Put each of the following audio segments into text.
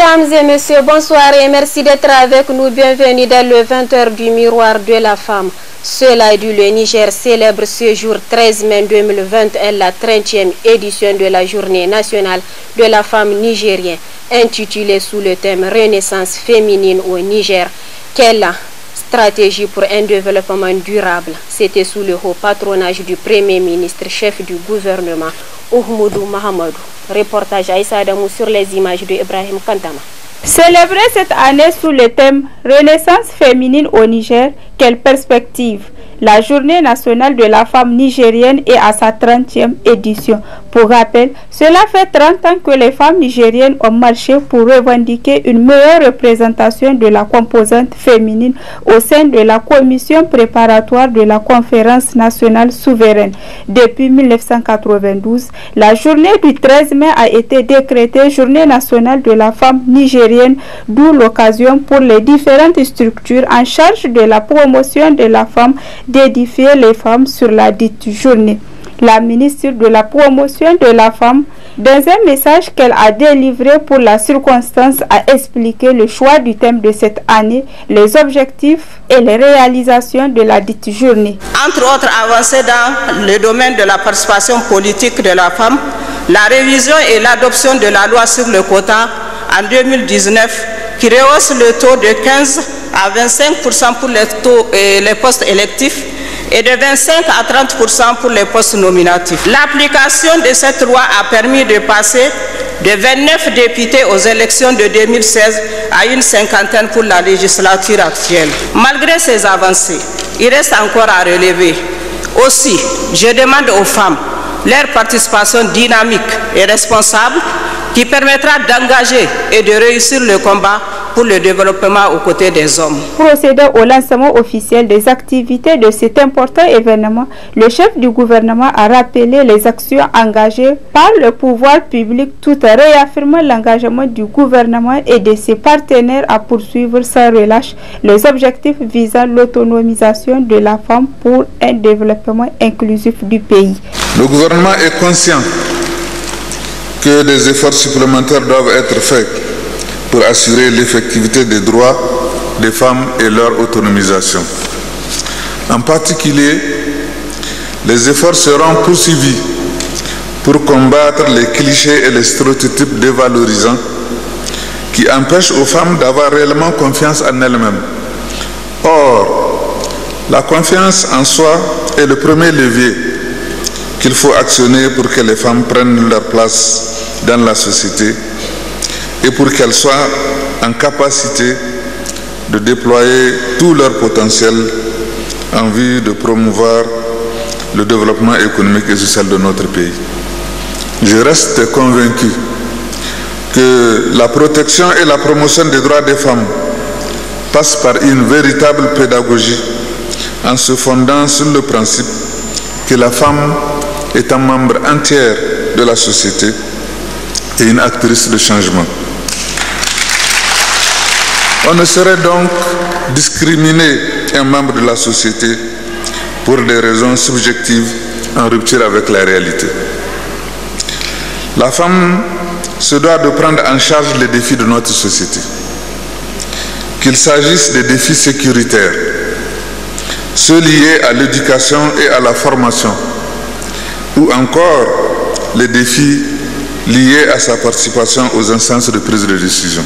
Mesdames et messieurs, bonsoir et merci d'être avec nous. Bienvenue dans le 20h du miroir de la femme. Cela est dû le Niger célèbre ce jour 13 mai 2021 la 30e édition de la journée nationale de la femme nigérienne, intitulée sous le thème Renaissance féminine au Niger. Quelle stratégie pour un développement durable. C'était sous le haut patronage du Premier ministre, chef du gouvernement, Ouhmoudou Mahamadou. Reportage à Adamou sur les images de Ibrahim Kantama. Célébrer cette année sous le thème Renaissance féminine au Niger, quelle perspective La journée nationale de la femme nigérienne est à sa 30e édition. Pour rappel, cela fait 30 ans que les femmes nigériennes ont marché pour revendiquer une meilleure représentation de la composante féminine au sein de la commission préparatoire de la conférence nationale souveraine. Depuis 1992, la journée du 13 mai a été décrétée journée nationale de la femme nigérienne d'où l'occasion pour les différentes structures en charge de la promotion de la femme d'édifier les femmes sur la dite journée. La ministre de la promotion de la femme, dans un message qu'elle a délivré pour la circonstance, a expliqué le choix du thème de cette année, les objectifs et les réalisations de la dite journée. Entre autres avancées dans le domaine de la participation politique de la femme, la révision et l'adoption de la loi sur le quota en 2019 qui rehausse le taux de 15 à 25 pour les, taux et euh, les postes électifs et de 25 à 30 pour les postes nominatifs. L'application de cette loi a permis de passer de 29 députés aux élections de 2016 à une cinquantaine pour la législature actuelle. Malgré ces avancées, il reste encore à relever. Aussi, je demande aux femmes leur participation dynamique et responsable qui permettra d'engager et de réussir le combat pour le développement aux côtés des hommes. Procédant au lancement officiel des activités de cet important événement, le chef du gouvernement a rappelé les actions engagées par le pouvoir public tout en réaffirmant l'engagement du gouvernement et de ses partenaires à poursuivre sans relâche les objectifs visant l'autonomisation de la femme pour un développement inclusif du pays. Le gouvernement est conscient que des efforts supplémentaires doivent être faits pour assurer l'effectivité des droits des femmes et leur autonomisation. En particulier, les efforts seront poursuivis pour combattre les clichés et les stéréotypes dévalorisants qui empêchent aux femmes d'avoir réellement confiance en elles-mêmes. Or, la confiance en soi est le premier levier qu'il faut actionner pour que les femmes prennent leur place dans la société et pour qu'elles soient en capacité de déployer tout leur potentiel en vue de promouvoir le développement économique et social de notre pays. Je reste convaincu que la protection et la promotion des droits des femmes passent par une véritable pédagogie en se fondant sur le principe que la femme est un membre entier de la société et une actrice de changement. On ne saurait donc discriminer un membre de la société pour des raisons subjectives en rupture avec la réalité. La femme se doit de prendre en charge les défis de notre société, qu'il s'agisse des défis sécuritaires, ceux liés à l'éducation et à la formation, ou encore les défis liés à sa participation aux instances de prise de décision.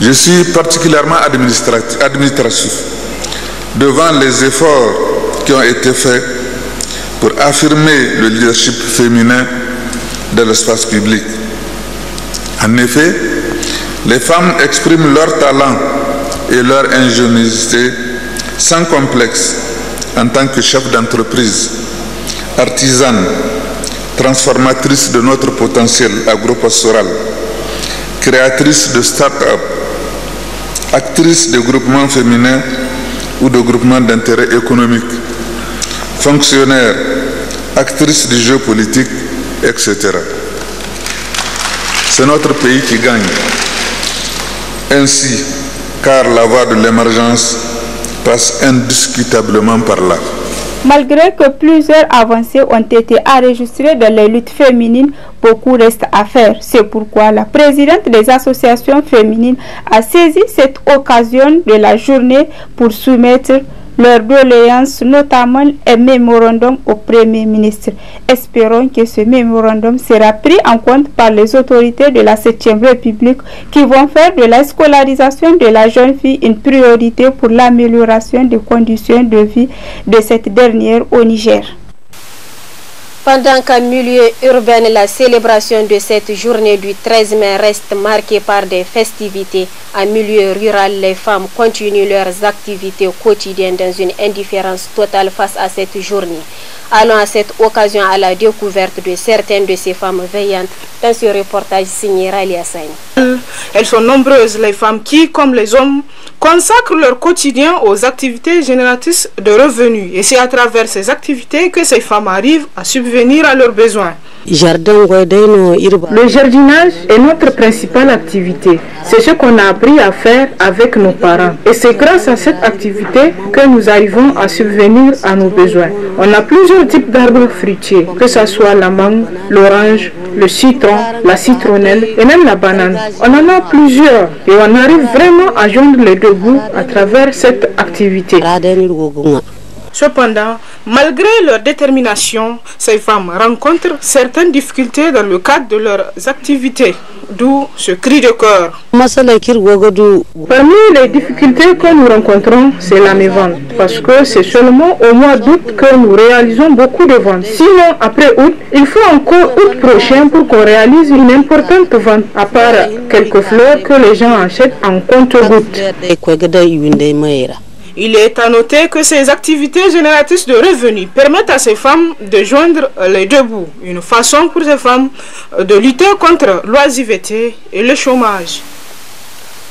Je suis particulièrement administratif devant les efforts qui ont été faits pour affirmer le leadership féminin dans l'espace public. En effet, les femmes expriment leur talent et leur ingéniosité sans complexe en tant que chef d'entreprise artisane, transformatrice de notre potentiel agro-pastoral, créatrice de start-up, actrice de groupements féminins ou de groupements d'intérêt économique, fonctionnaire, actrice du jeu politique, etc. C'est notre pays qui gagne. Ainsi, car la voie de l'émergence passe indiscutablement par là. Malgré que plusieurs avancées ont été enregistrées dans les luttes féminines, beaucoup reste à faire. C'est pourquoi la présidente des associations féminines a saisi cette occasion de la journée pour soumettre leur doléance, notamment un mémorandum au Premier ministre. Espérons que ce mémorandum sera pris en compte par les autorités de la 7e République qui vont faire de la scolarisation de la jeune fille une priorité pour l'amélioration des conditions de vie de cette dernière au Niger. Pendant qu'en milieu urbain, la célébration de cette journée du 13 mai reste marquée par des festivités, en milieu rural, les femmes continuent leurs activités quotidiennes dans une indifférence totale face à cette journée. Allons à cette occasion à la découverte de certaines de ces femmes veillantes dans ce reportage signé Assane. Elles sont nombreuses, les femmes qui, comme les hommes, consacrent leur quotidien aux activités génératrices de revenus. Et c'est à travers ces activités que ces femmes arrivent à subvenir venir à leurs besoins. Le jardinage est notre principale activité. C'est ce qu'on a appris à faire avec nos parents. Et c'est grâce à cette activité que nous arrivons à subvenir à nos besoins. On a plusieurs types d'arbres fruitiers, que ce soit la mangue, l'orange, le citron, la citronnelle et même la banane. On en a plusieurs et on arrive vraiment à joindre les deux bouts à travers cette activité. Cependant, Malgré leur détermination, ces femmes rencontrent certaines difficultés dans le cadre de leurs activités, d'où ce cri de cœur. Parmi les difficultés que nous rencontrons, c'est la vente, parce que c'est seulement au mois d'août que nous réalisons beaucoup de ventes. Sinon, après août, il faut encore août prochain pour qu'on réalise une importante vente, à part quelques fleurs que les gens achètent en compte-gouttes. Il est à noter que ces activités génératrices de revenus permettent à ces femmes de joindre les deux bouts, une façon pour ces femmes de lutter contre l'oisiveté et le chômage.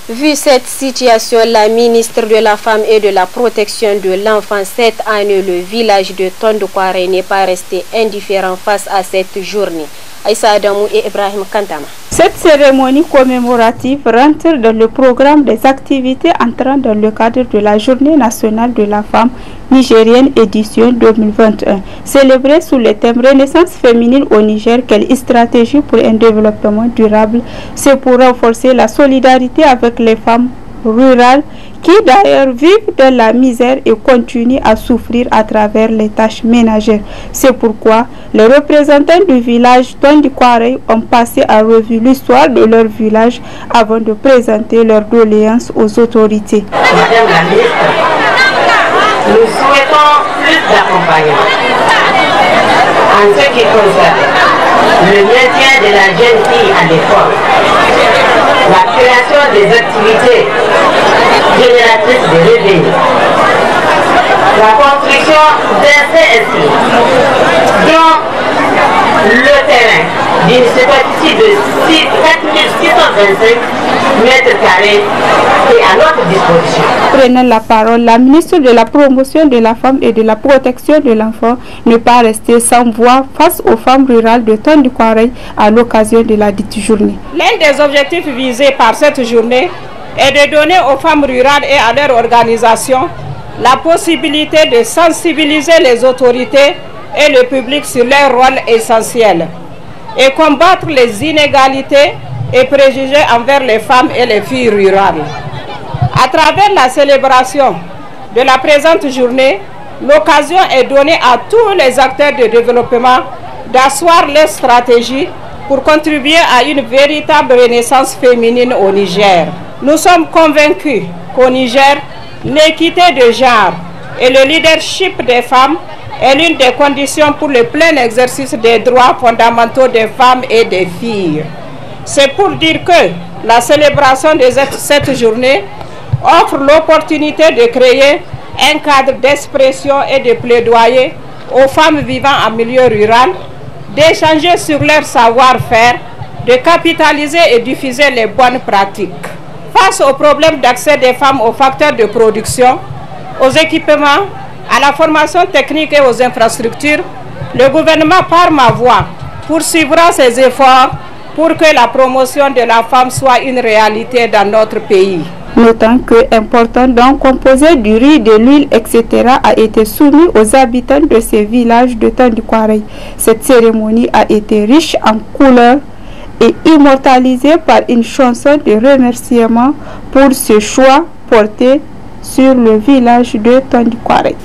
Vu cette situation, la ministre de la Femme et de la Protection de l'Enfant, cette année, le village de Tondoukware n'est pas resté indifférent face à cette journée. Aïssa Adamou et Ibrahim Kantama. Cette cérémonie commémorative rentre dans le programme des activités entrant dans le cadre de la Journée nationale de la femme nigérienne édition 2021, célébrée sous le thème Renaissance féminine au Niger, quelle stratégie pour un développement durable C'est pour renforcer la solidarité avec les femmes rurales qui d'ailleurs vivent de la misère et continuent à souffrir à travers les tâches ménagères. C'est pourquoi les représentants du village Tondikware ont passé à revue l'histoire de leur village avant de présenter leurs doléances aux autorités. Madame la ministre, nous souhaitons plus d'accompagnement en ce qui concerne le maintien de la jeune fille à l'école, la création des activités génératrice de La construction d'un CSI, dans le terrain d'une superficie de 625 mètres carrés est à notre disposition. Prenant la parole, la ministre de la Promotion de la Femme et de la Protection de l'Enfant ne pas rester sans voix face aux femmes rurales de temps du à l'occasion de la dite journée. L'un des objectifs visés par cette journée et de donner aux femmes rurales et à leur organisations la possibilité de sensibiliser les autorités et le public sur leur rôle essentiel et combattre les inégalités et préjugés envers les femmes et les filles rurales. À travers la célébration de la présente journée, l'occasion est donnée à tous les acteurs de développement d'asseoir leurs stratégies pour contribuer à une véritable renaissance féminine au Niger. Nous sommes convaincus qu'au Niger, l'équité de genre et le leadership des femmes est l'une des conditions pour le plein exercice des droits fondamentaux des femmes et des filles. C'est pour dire que la célébration de cette journée offre l'opportunité de créer un cadre d'expression et de plaidoyer aux femmes vivant en milieu rural, d'échanger sur leur savoir-faire, de capitaliser et diffuser les bonnes pratiques. Face aux problèmes d'accès des femmes aux facteurs de production, aux équipements, à la formation technique et aux infrastructures, le gouvernement, par ma voix, poursuivra ses efforts pour que la promotion de la femme soit une réalité dans notre pays. Notant que important don composé du riz, de l'huile, etc. a été soumis aux habitants de ces villages de temps Tandikwarey. Cette cérémonie a été riche en couleurs, et immortalisé par une chanson de remerciement pour ce choix porté sur le village de Tondikwaret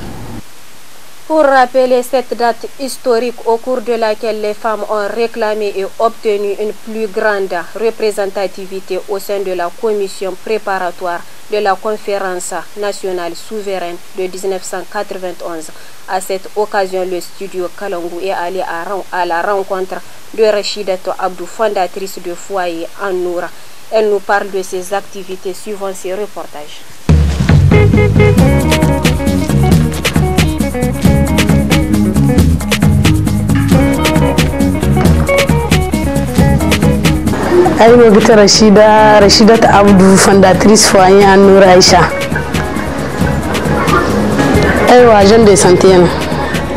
pour rappeler cette date historique au cours de laquelle les femmes ont réclamé et obtenu une plus grande représentativité au sein de la commission préparatoire de la conférence nationale souveraine de 1991. À cette occasion, le studio Kalangou est allé à, la rencontre de Rachidato Abdou, fondatrice de Foyer en Noura. Elle nous parle de ses activités suivant ses reportages. ai aiwa gita rashida rashida ta abdu fondatrice foyer annur aisha aiwa jeune de santeno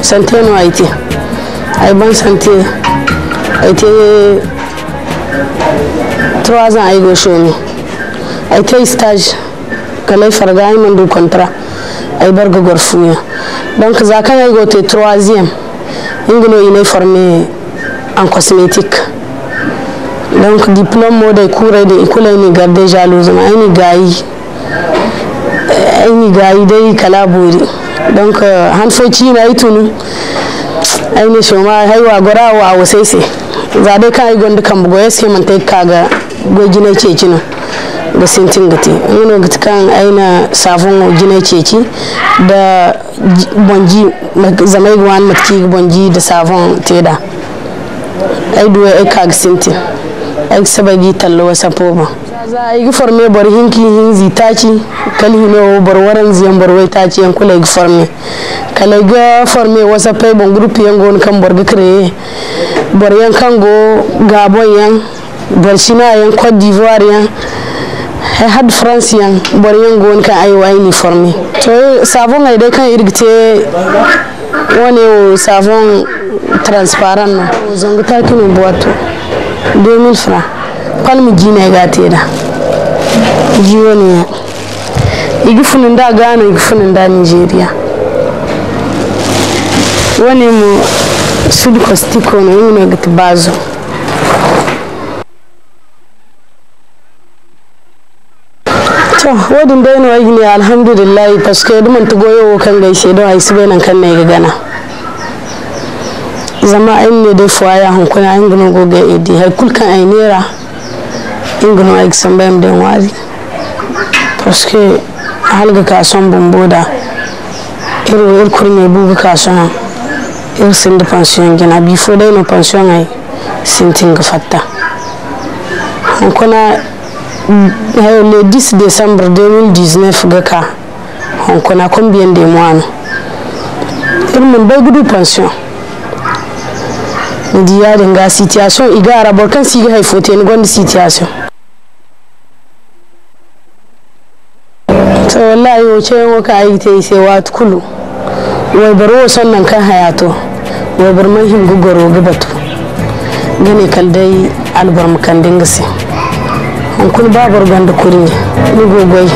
santeno haiti ai ban sante haiti 3 ans ai go show shomi haiti stage kalai farga ai mandu contrat ai barga gorfuya donc za ka ay go te 3 nga no i ne formé en cosmétique donc diplôme mo day kuuray de école ni garde jalouse ma ni gay ay ni gay day kala boori donc han so ci na tunu ay ne shoma hay wa gora wa wasese za dai kan ay gonda kambugo yase man tay kaga gojina cecino ga sentin gati ngono gati kan aina safon gina ceci da bonji zamai gwan matki bonji da safon teda ai duwe ai kag sentin ai sabagi tallo wasa poma za a yi forme bar hinki hin ci kal hino bar waran ziyan bar wai ci yan kula yi forme kala ga forme wasa pay ban group yan goni kan bar gikire bar yan go gabon yan bar shina yan cote d'ivoire yan had francian baryan gonka ayo aini formi to eh, savon ay de kan irgite wani o savon transparent no zongo ta kini boato 2000 francs kan mi jina ga teda jiwoni igi funinda Ghana igi funinda Nigeria wani mu sud costico no yuna gati bazo to wodin da yana ne alhamdulillah paske duman ta goyo kan gaishe don ai bai nan kan ne ga gana zama ai ne dai fuaya ya kuna ai gano goga idi hai kulkan ai nera in gano ai san bayam da wari paske halga kason bumboda irin irkur mai buga kason irin sin da pansiyon gina bifo dai no pansiyon ai sintin ga fatta hun kuna le 10 décembre 2019 ga ka hankuna combien de mois no bai gudu pension ndi ya dinga situation iga arabor kan siga haifote ni gwanda situation to wallahi wace yin waka ayi ta yi sai kulu wai bar wasan nan kan hayato wai bar man hingu goro gabatu gane kaldai albar makandin gasi ankun babar ganda kuri ni gogoi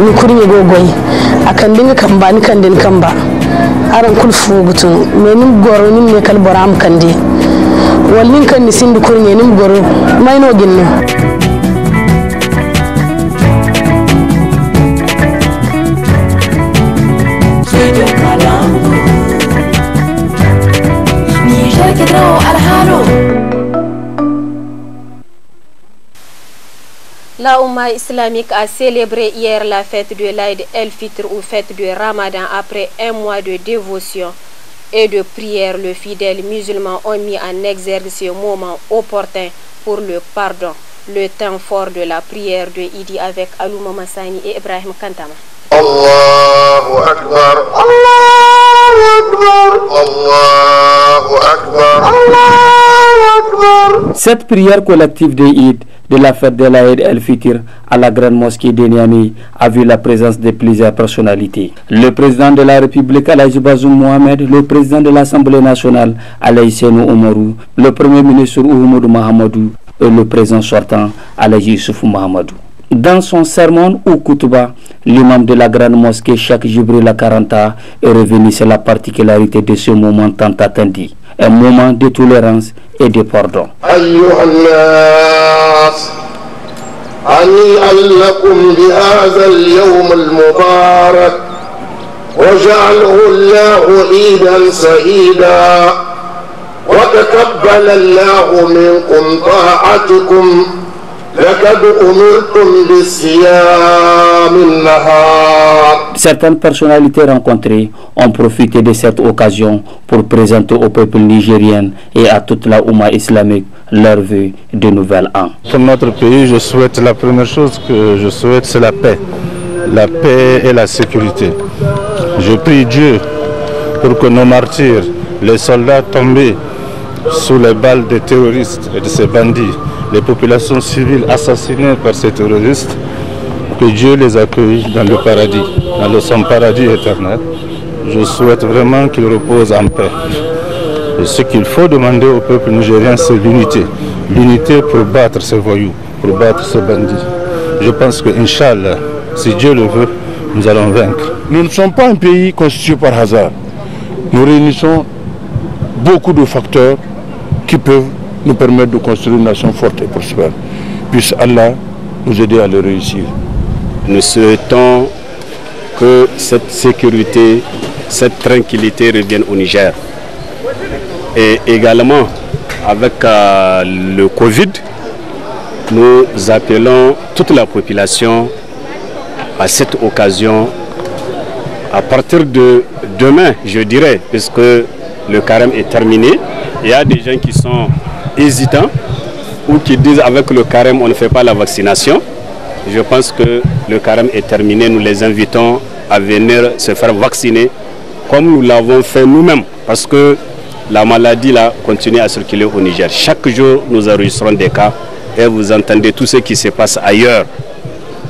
ni kuri ni gogoi akan dinga kan ba ni kan din kan ba aran kul fugutun me nim goro ni me kal am kan di wal nin kan ni kuri ni ni goro mai no ginne La Ouma islamique a célébré hier la fête de l'Aïd el-Fitr ou fête de Ramadan après un mois de dévotion et de prière. Le fidèle musulman ont mis en exergue ce moment opportun pour le pardon, le temps fort de la prière de Idi avec Alouma Massani et Ibrahim Kantama. Allahu Akbar, Allahu Akbar, Allahu Akbar, Allahu cette prière collective de Eid, de la fête de l'Aïd el-Fitir à la grande mosquée de Niamey a vu la présence de plusieurs personnalités. Le président de la République, Alaïs Bazoum Mohamed, le président de l'Assemblée nationale, Alaïs Oumarou, le premier ministre Oumarou Mahamadou et le président sortant, Alaïs Youssouf Mahamadou. Dans son sermon au Koutouba, l'imam de la grande mosquée Cheikh Jibril Akaranta est revenu sur la particularité de ce moment tant attendu. Un moment de tolérance ايها الناس هنيئا لكم بهذا اليوم المبارك وجعله الله عيدا سعيدا وتقبل الله منكم طاعتكم Certaines personnalités rencontrées ont profité de cette occasion pour présenter au peuple nigérien et à toute la Ouma islamique leur vue de nouvel an. Pour notre pays, je souhaite la première chose que je souhaite, c'est la paix. La paix et la sécurité. Je prie Dieu pour que nos martyrs, les soldats tombés sous les balles des terroristes et de ces bandits, les populations civiles assassinées par ces terroristes, que Dieu les accueille dans le paradis, dans le son paradis éternel. Je souhaite vraiment qu'ils reposent en paix. ce qu'il faut demander au peuple nigérien, c'est l'unité. L'unité pour battre ces voyous, pour battre ces bandits. Je pense que, Inch'Allah, si Dieu le veut, nous allons vaincre. Nous ne sommes pas un pays constitué par hasard. Nous réunissons beaucoup de facteurs qui peuvent nous permettre de construire une nation forte et prospère. Puisse Allah nous aider à le réussir. Nous souhaitons que cette sécurité, cette tranquillité revienne au Niger. Et également, avec euh, le Covid, nous appelons toute la population à cette occasion, à partir de demain, je dirais, puisque le carême est terminé, il y a des gens qui sont hésitants ou qui disent avec le carême on ne fait pas la vaccination, je pense que le carême est terminé. Nous les invitons à venir se faire vacciner comme nous l'avons fait nous-mêmes parce que la maladie là continue à circuler au Niger. Chaque jour, nous enregistrons des cas et vous entendez tout ce qui se passe ailleurs.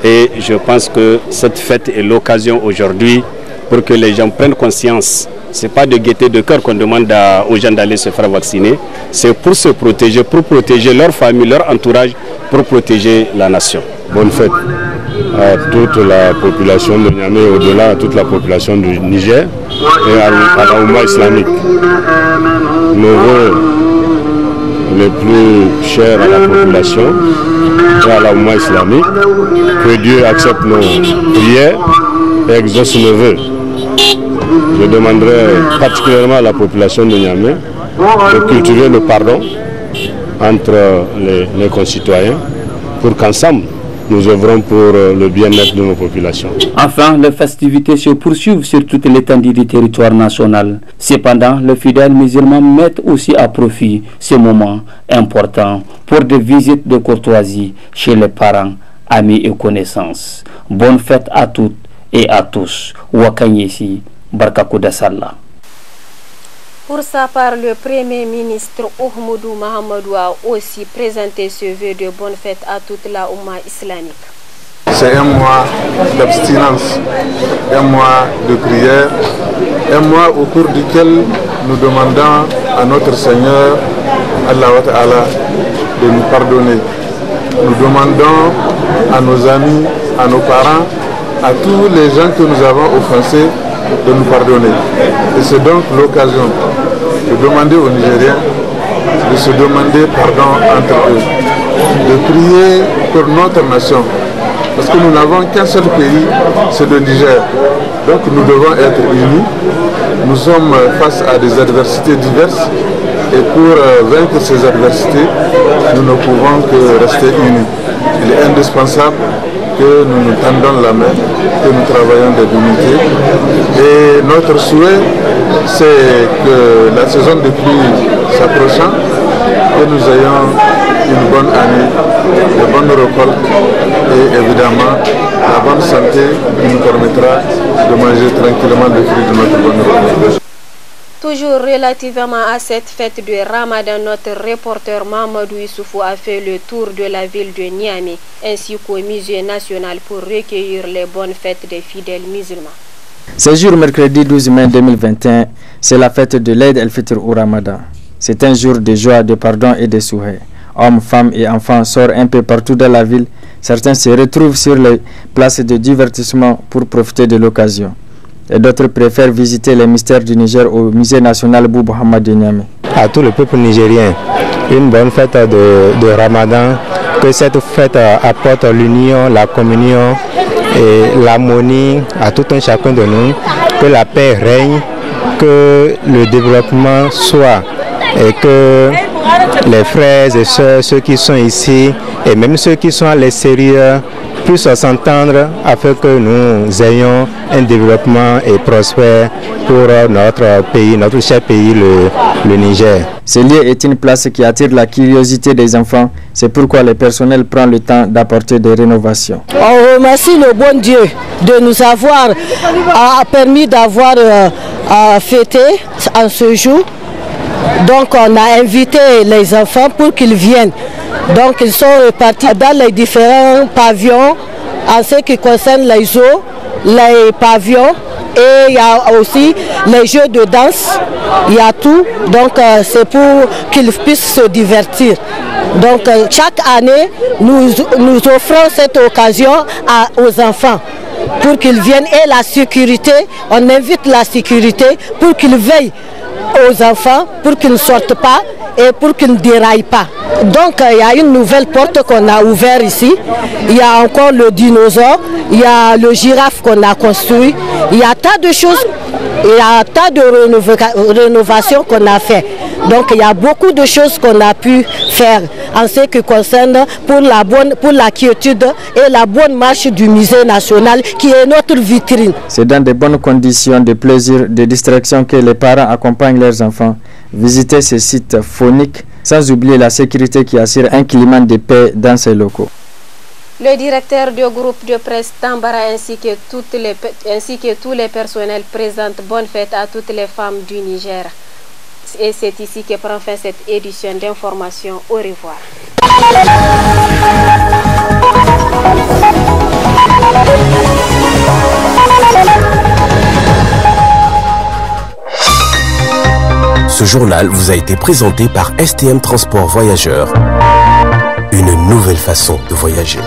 Et je pense que cette fête est l'occasion aujourd'hui pour que les gens prennent conscience n'est pas de gaieté de cœur qu'on demande aux gens d'aller se faire vacciner. C'est pour se protéger, pour protéger leur famille, leur entourage, pour protéger la nation. Bonne fête à toute la population de Niamey, au-delà à toute la population du Niger et à, la Ouma islamique. Nos voeux plus cher à la population et à la Ouma islamique, que Dieu accepte nos prières et exauce nos voeux. Je demanderai particulièrement à la population de Niamey de cultiver le pardon entre les, concitoyens pour qu'ensemble nous œuvrons pour euh, le bien-être de nos populations. Enfin, les festivités se poursuivent sur toute l'étendue du territoire national. Cependant, les fidèles musulmans mettent aussi à profit ce moment important pour des visites de courtoisie chez les parents, amis et connaissances. Bonne fête à toutes et à tous. Wakanyesi. Pour sa part, le Premier ministre Oumoudou Mahamadou a aussi présenté ce vœu de bonne fête à toute la Oumma islamique. C'est un mois d'abstinence, un mois de prière, un mois au cours duquel nous demandons à notre Seigneur, Allah Ta'ala, de nous pardonner. Nous demandons à nos amis, à nos parents, à tous les gens que nous avons offensés, de nous pardonner. Et c'est donc l'occasion de demander aux Nigériens de se demander pardon entre eux, de prier pour notre nation. Parce que nous n'avons qu'un seul pays, c'est le Niger. Donc nous devons être unis. Nous sommes face à des adversités diverses et pour euh, vaincre ces adversités, nous ne pouvons que rester unis. Il est indispensable que nous nous tendons la main, que nous travaillons de dignité. Et notre souhait, c'est que la saison de pluie s'approchant, que nous ayons une bonne année, de bonnes récoltes et évidemment la bonne santé qui nous permettra de manger tranquillement le fruit de notre bonne récolte. Toujours relativement à cette fête de Ramadan, notre reporter Mamadou Issoufou a fait le tour de la ville de Niamey ainsi qu'au musée national pour recueillir les bonnes fêtes des fidèles musulmans. Ce jour mercredi 12 mai 2021, c'est la fête de l'Aide el-Fitr au Ramadan. C'est un jour de joie, de pardon et de souhait. Hommes, femmes et enfants sortent un peu partout dans la ville. Certains se retrouvent sur les places de divertissement pour profiter de l'occasion et d'autres préfèrent visiter les mystères du Niger au musée national Bou À tout le peuple nigérien, une bonne fête de, Ramadan, que cette fête apporte l'union, la communion et l'harmonie à tout un chacun de nous, que la paix règne, que le développement soit et que les frères et sœurs, ceux qui sont ici et même ceux qui sont à l'extérieur, puissent s'entendre afin que nous ayons un développement et prospère pour euh, notre pays, notre cher pays, le, Niger. Ce lieu est une place qui attire la curiosité des enfants. C'est pourquoi le personnel prend le temps d'apporter des rénovations. On remercie le bon Dieu de nous avoir permis d'avoir euh, fêté en ce jour. Donc on a invité les enfants pour qu'ils viennent donc ils sont répartis dans les différents pavillons en ce qui concerne les eaux, les pavillons et il y a aussi les jeux de danse, il y a tout. Donc euh, c'est pour qu'ils puissent se divertir. Donc euh, chaque année, nous, nous offrons cette occasion aux enfants pour qu'ils viennent et la sécurité, on invite la sécurité pour qu'ils veillent aux enfants pour qu'ils ne sortent pas et pour qu'ils ne déraillent pas. Donc euh, il y a une nouvelle porte qu'on a ouverte ici. Il y a encore le dinosaure, il y a le girafe qu'on a construit. Il y a tas de choses il y a un tas de rénovations qu'on a fait. Donc il y a beaucoup de choses qu'on a pu faire en ce qui concerne pour la bonne, pour la quiétude et la bonne marche du musée national qui est notre vitrine. C'est dans de bonnes conditions de plaisir, de distraction que les parents accompagnent leurs enfants. Visiter ces sites phoniques sans oublier la sécurité qui assure un climat de paix dans ces locaux. Le directeur du groupe de presse Tambara ainsi que, les, ainsi que tous les personnels présentent bonne fête à toutes les femmes du Niger. Et c'est ici que prend fin cette édition d'information. Au revoir. Ce journal vous a été présenté par STM Transport Voyageurs une nouvelle façon de voyager.